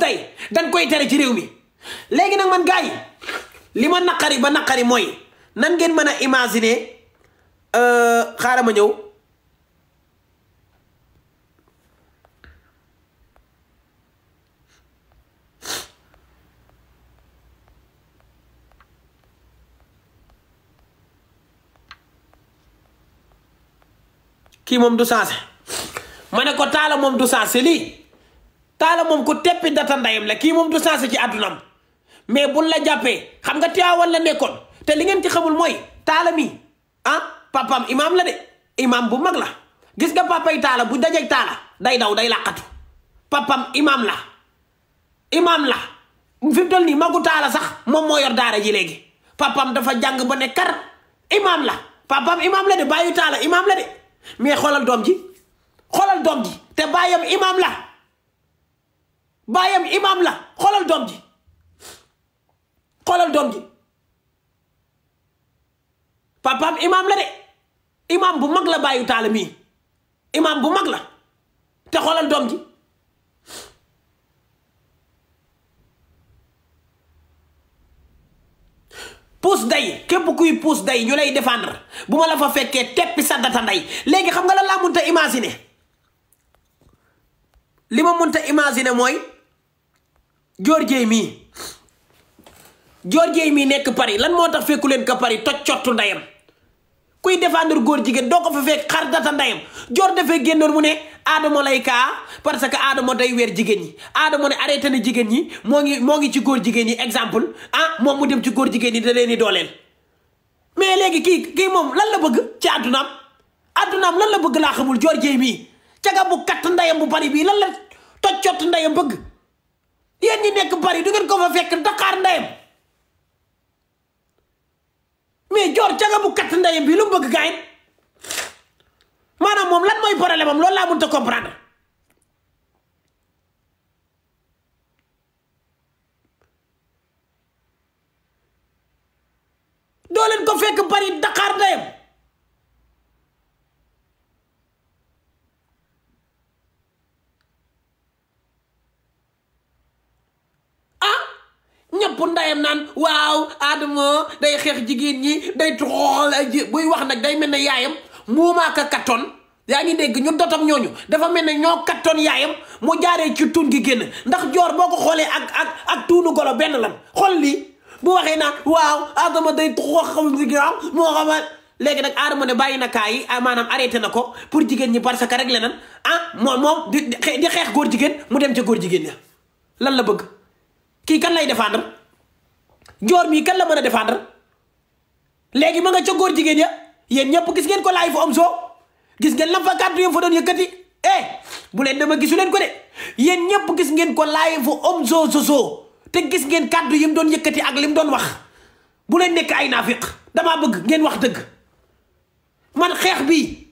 tey dañ koy tere ci réew mi léegi nag man gars yi li ma naqari ba naqari mooy nan ngeen mën a imaginer euh, xaaral ma ñëw kii moom du sensé ma ne ko taala moom du sensé lii taala moom ku teppi data ndayam la kii moom du sensé ci àddunaam mais buñ la jàppee xam nga Tiwaawan la nekkoon te li ngeen ci xamul mooy taala mi ah papaam imaam la de imaam bu mag la gis nga papay taala bu dajeeg taala day daw day làqatu papam imaam la imaam la fi mu toll nii magu taala sax moom moo yor daara ji léegi papam dafa jàng ba ne kar imaam la papam imaam la de bàyyu taala imaam la de mais xoolal doom ji xoolal doom ji te baayam imaam la baayam imaam la xoolal doom ji xoolal doom ji papaam imaam la de imaam bu mag la bàyyu taala mii imaam bu mag la te xoolal doom ji puus day képp kuy puus day ñu lay défendre bu ma la fa fekkee teppi sa data nday léegi xam nga la laa munta imaginer li ma munta imaginer mooy Dior Dieye mii joor Dieye mii nekk Paris lan moo tax fekku leen ko Paris toj cottu ndeyam kuy défendre góor jigéen doo ko fa fekk xar data ndeyam Dior dafay génnoon mu ne aadama lay kaa parce que aadama day weer jigéen ñi Adamo ne arrêté na jigéen ñi moo ngi moo ngi ci góor jigéen ñi exemple ah moom mu dem ci góor jigéen ñi da leen dooleel. mais léegi kii kii moom lan la bëgg ci àddunaam àddunaam lan la bëgg laa xamul joor Dieye mii caga bu katt ndeyam bu bari bii lan la toj cottu ndeyam bëgg. yéen ñi nekk Paris du ngeen ko fa fekk Dakar ndeyam mais joor caga bu katt ndeyam bi lu mu bëgg gaay maanaam moom lan mooy problème am loolu laa mënut a bu ndayam naan waaw Adamo day xeex jigéen ñi day troxol buy wax nag day mel ne yaayam muumaaka kattoon yaa ngi dégg ñun dotom ñooñu dafa mel ne ñoo kattoon yaayam mu jaaree ci tuun gi génn ndax joor boo ko xoolee ak ak ak golo benn lan xool li bu waxee naan waaw Adamo day trox xam si moo xamal léegi nag Adamo ne bàyyi na kaa yi ah, maanaam arrêté na ko pour jigéen ñi parce que rek leneen ah moom moom di di xeex góor jigéen mu dem ca góor jigéen ña lan la bëgg kii kan lay défendre joor mii kan la mën a défendre léegi ma nga ca góor jigéen ya yéen ñëpp gis ngeen ko laay fa am soo gis ngeen lam fa kàddu yam fa doon yëkkati eh bu leen dama gisu leen ko de yéen ñëpp gis ngeen ko laay fa am soo sosoo te gis ngeen kàddu yim doon yëkkati ak li mu doon wax bu leen nekk ay naafiq damaa bëgg ngeen wax dëgg man xeex bi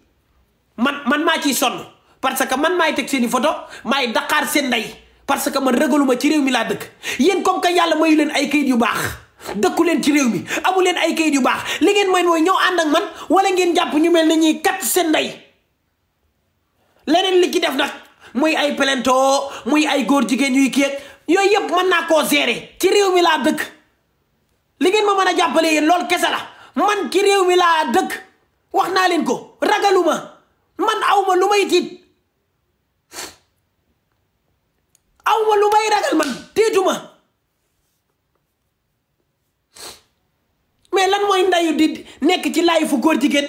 man man maa ciy sonn parce que man maay teg seeni photo maay daqaar seen ndey parce que man ragaluma ci réew mi laa dëkk yéen comme que yàlla mayu leen ay kayit yu baax dëkku leen ci réew mi amu leen ay kayit yu baax li ngeen mën mooy ñëw ànd ak man wala ngeen jàpp ñu mel ne ñuy kat seen ndey leneen li ci def nag muy ay plainte muy ay góor jigéen yu kéeg yooyu yëpp man naa koo gérer ci réew mi laa dëkk li ngeen ma mën a jàppale yéen lool kese la man ci réew mi laa dëkk wax naa leen ko ragaluma man awma lu may tiit awma lu may ragal man téetuma mais lan mooy ndayu di nekk ci laay fu góor jigéen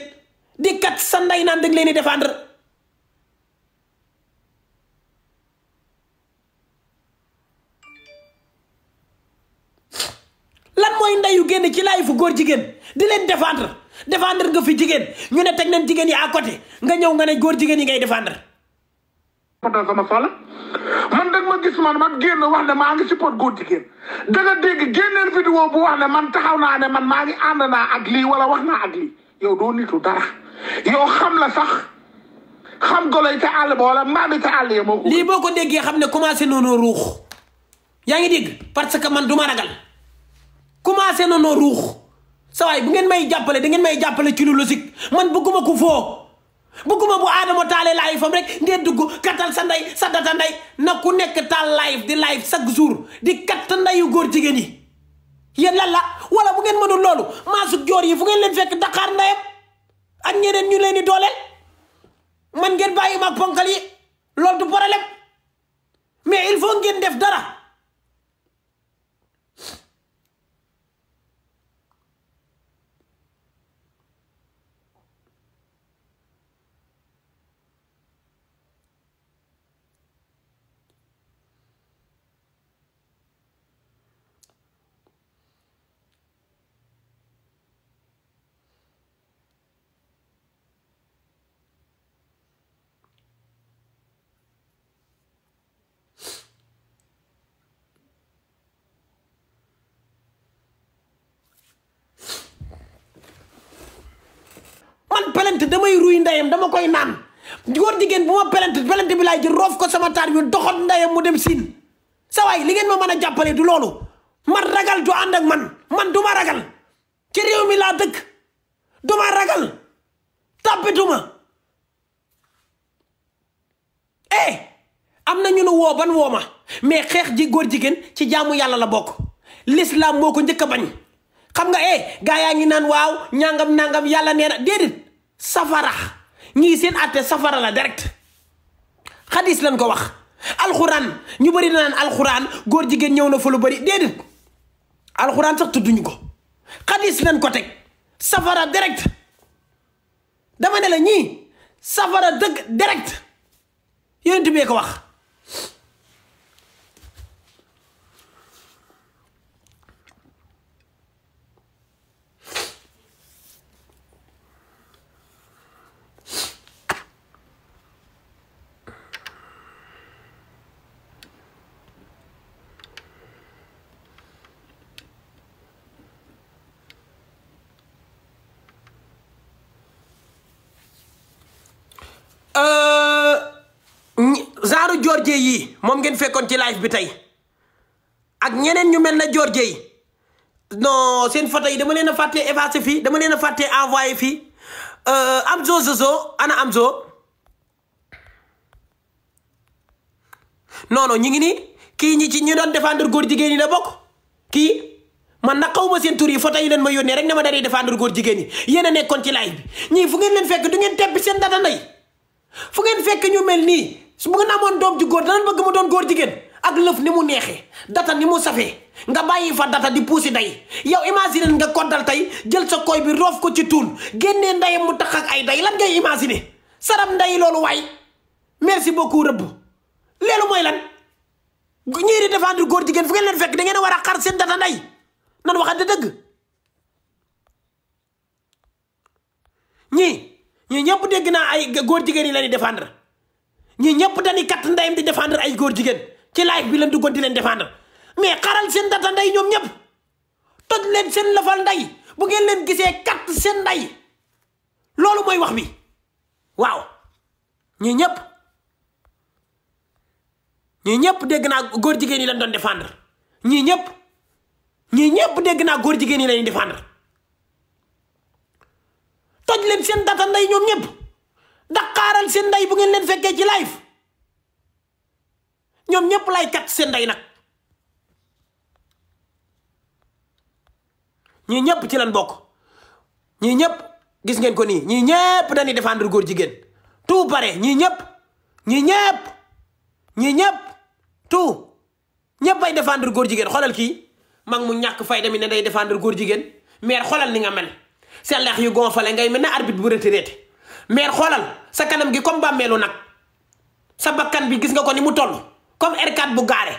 di kat sa nday naan dañ leen di défendre lan mooy ndayu génn ci laay fu góor jigéen di leen défendre défendre nga fi jigéen ñu ne teg nañ jigéen yi à côté nga ñëw nga ne góor jigéen yi ngay défendre. ma gis man man génn wax ne maa ngi support góor jigéen danga dégg génneel vidéo bu wax ne man taxaw naa ne man maa ngi ànd naa ak lii wala wax naa ak lii yow doo nitu dara yow xam la sax xam goloy te àll ba maa mbaami te àll ya lii boo ko déggee xam ne commencé noonu ruux yaa ngi dégg parce que man du ma ragal commencé noonu ruux saa bu ngeen may jàppale dangeen ngeen may jàppale ci lu logique man bëgguma ko foo. bëgguma bu aadama taalee live am rek ngeen dugg kattal sa ndey sa data ndey na ku nekk taal live di live chaque jour di katt ndeyu góor jigéen yi yéen lan la wala bu ngeen mënul loolu maasug joor yi fu ngeen leen fekk Dakar ndeyam ak ñeneen ñu leen di dooleel man ngeen bàyyi ma ak ponkal yi loolu du problème mais il faut ngeen def dara pelente damay ruy ndeyam dama koy naan góor jigéen bu ma pelente pelente bi laay ji roof ko sama taar yu doxat ndeyam mu dem siin sa waay li ngeen ma mën a jàppale du loolu man ragal du ànd man man du ragal ci mi laa dëkk du ragal tàppituma eh am na ñu woo ban woo ma mais xeex ji góor jigéen ci jaamu yàlla la bokk l'islam moo ko njëkk a bañ xam nga eh gaa yaa ngi naan waaw ñàngam nangam yàlla nee na déedéet safara ñii seen àtte safara la direct xadis lañ ko wax alxuraan ñu bëri na naan alxuraan góor jigéen ñëw na fa lu bëri déedéet alxuraan sax tudduñu ko xadis lañ ko teg safara direct dama ne la ñii safara dëgg direct yonent bee ko wax joor Georgie yii moom ngeen fekkoon ci live bi tey ak ñeneen ñu mel na joor yi no seen photo yi dama leen a fàttee effacé fii dama leen a fàttee envoyé fii euh, Amzo Zozo ana am non non ñu ngi nii kii ñi ci ñu doon défendre góor jigéen ñi la bokk kii man nag xaw ma seen tur yi photo yi leen ma yónnee rek ne ma daree défendre góor jigéen ñi yéen a nekkoon ci live bi ñii fu ngeen leen fekk du ngeen tebbi seen data ndey fu ngeen fekk ñu mel nii. su bëgg naa amoon doom ju góor danañ bëgg mu doon góor jigéen ak lëf ni mu neexee data ni mu safee nga bàyyi fa data di puusi day yow imaginer nga koddal tey jël sa koy bi roof ko ci tuun génnee ndeyam mu tax ak ay day lan ngay imaginer sarab nday loolu waay merci beaucoup rëbb leelu mooy lan ñii di défendre góor jigéen fu ngeen leen fekk da ngeen war a xar seen data nday nan waxante dëgg ñii ñii ñëpp dégg naa ay góor jigéen yi la ñuy ñii ñëpp dañuy katt ndeyam di défendre ay góor jigéen ci live bi leen duggoon di leen défendre mais xaral seen data ndey ñoom ñëpp toj leen seen lafal ndey bu ngeen leen gisee katt seen ndey loolu mooy wax bi waaw ñi ñëpp ñii ñëpp dégg naa góor jigéen yi lañ doon défendre ñii ñëpp ñii ñëpp dégg naa góor jigéen yi lañuy défendre toj leen seen data ndey ñoom ñëpp daqaaral seen ndey bu ngeen leen fekkee ci live ñoom ñépp lay kat seen ndey nag ñii ñépp ci lan bokk ñii ñépp gis ngeen ko nii ñii ñépp dañuy défendre góor jigéen tout pare ñii ñépp ñii ñépp ñii ñépp tout ñépp ay défendre góor jigéen xoolal kii mag mu ñàkk fayda mi ne day defandir góor jigéen mais xoolal ni nga mel seen leex yu gonfale ngay mel ne arbitre bu retraité meer xoolal sa kanam gi comme bàmmeelu nag sa bakkan bi gis nga ko ni mu toll comme r bu gaaree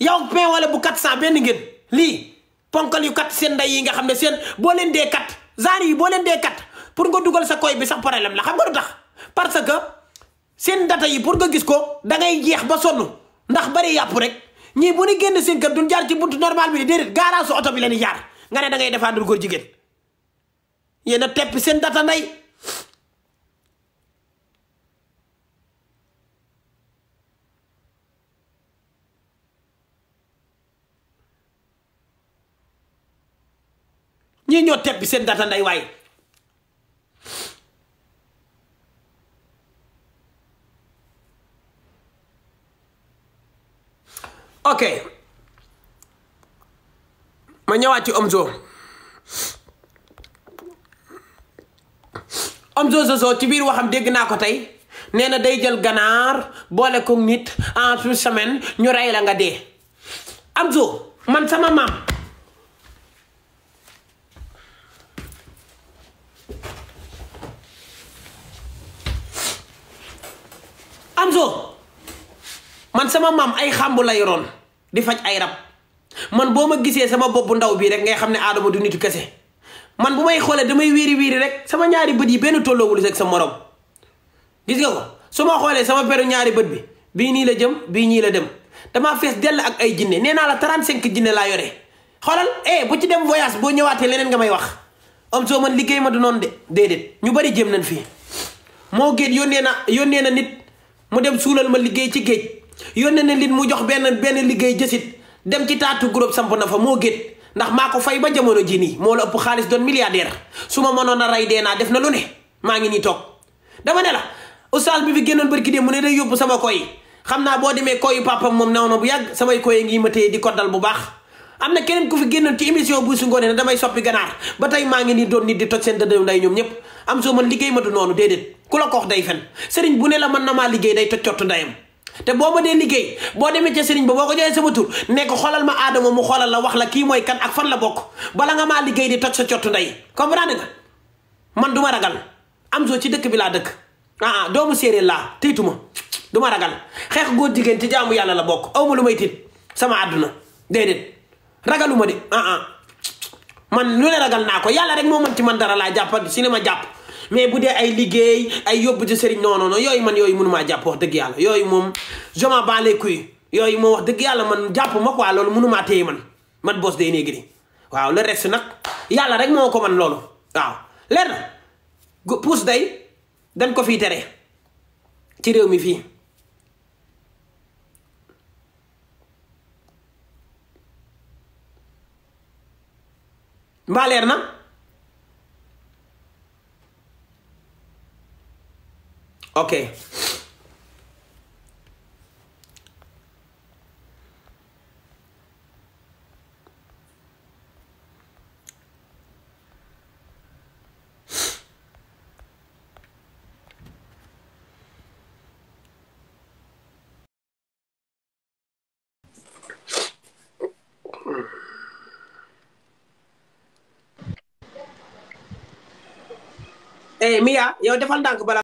yow pain wala bu 400 benn ngeen lii ponkal yu kat seen ndey yi nga xam ne seen boo leen dee kat genre yi boo leen dee kat pour nga dugal sa koy bi sax problème la xam nga lu tax parce que seen data yi pour nga gis ko dangay jeex ba sonn ndax bari yàpp rek ñii bu ñu génn seen kër duñ jaar ci buntu normal bi déedéet garage su oto bi leen di jaar nga ne da ngay défendre jigéen yéen a tepp seen data nday ñii ñoo teb bi data nday waaye ok ma ñëwaat ci Omzo Omzo Zozo ci biir waxam dégg naa ko tey nee na day jël ganaar boole ko nit en semaine ñu rey la nga de Omzo man sama maam Elzo man sama maam ay xàmbu la yoroon di faj ay rab man boo ma gisee sama bopp ndaw bii rek ngay xam ne aadama du nitu kese man bu may xoolee damay wiiri wiiri rek sama ñaari bët yi benn tolloowul rek sa morom gis nga ko su ma xoolee sama peru ñaari bët bi bii nii la jëm bii ñii la dem damaa fees dell ak ay jinne nee naa la 35 jinne laa yore xoolal eh bu ci dem voyage boo ñëwaatee leneen nga may wax am soo man liggéey ma du noonu de déedéet ñu bari jëm nañ fii moo géet yónnee na yónnee na nit. mu dem suulal ma liggéey ci géej yónnee na nit mu jox benn benn liggéey jësit dem ci taatu groupe samp na fa moo géet ndax maa ko fay ba jamono ji nii moo la ëpp xaalis doon milliardaire su ma mënoon a rey dee naa def na lu ne maa ngi nii toog dama ne la oustaz bi fi génnoon barki dee mu ne day yóbbu sama koy xam naa boo demee koyu papam moom naw na bu yàgg samay koy ngi ma téye di koddal bu baax am na keneen ku fi génnoon ci émission bu su ngoonee ne damay soppi ganaar ngi nii doon nit di toj seen dëdëm ñoom ñëpp am soo man liggéey ma noonu déedéet ku la ko wax day sëriñ bu ne la mën na maa liggéey day toj cottu ndayam te boo ma dee liggéey boo demee ca sëriñ ba boo ko joxee sama tur ne xoolal ma aadama mu xoolal la wax la kii mooy kan ak fan la bokk bala nga maa liggéey di sa cottu nday comprendre man du ma ragal am soo ci dëkk bi laa dëkk ah, ah doomu séeréer laa tiituma du ma ragal xeex goo jigéen ti jaamu yàlla la bokk awma lu may tiit sama àdduna déedéet ragaluma de ah ah man lu ne ragal naa ko yàlla rek moo mën ci man dara laa jàpp si ne ma jàpp mais bu dee ay liggéey ay yóbbu ci sëriñ non non yooyu man yooyu mënumaa jàpp wax dëgg yàlla yooyu moom je m'en bats yooyu moom wax dëgg yàlla man jàpp ma quoi loolu mënumaa man man Boss Day Negri waaw le reste nag moo ko man loolu waaw leer na puus day dañ ko fi tere ci réew mi fii mbaa leer na ok eh Mia yow defal ndànk bala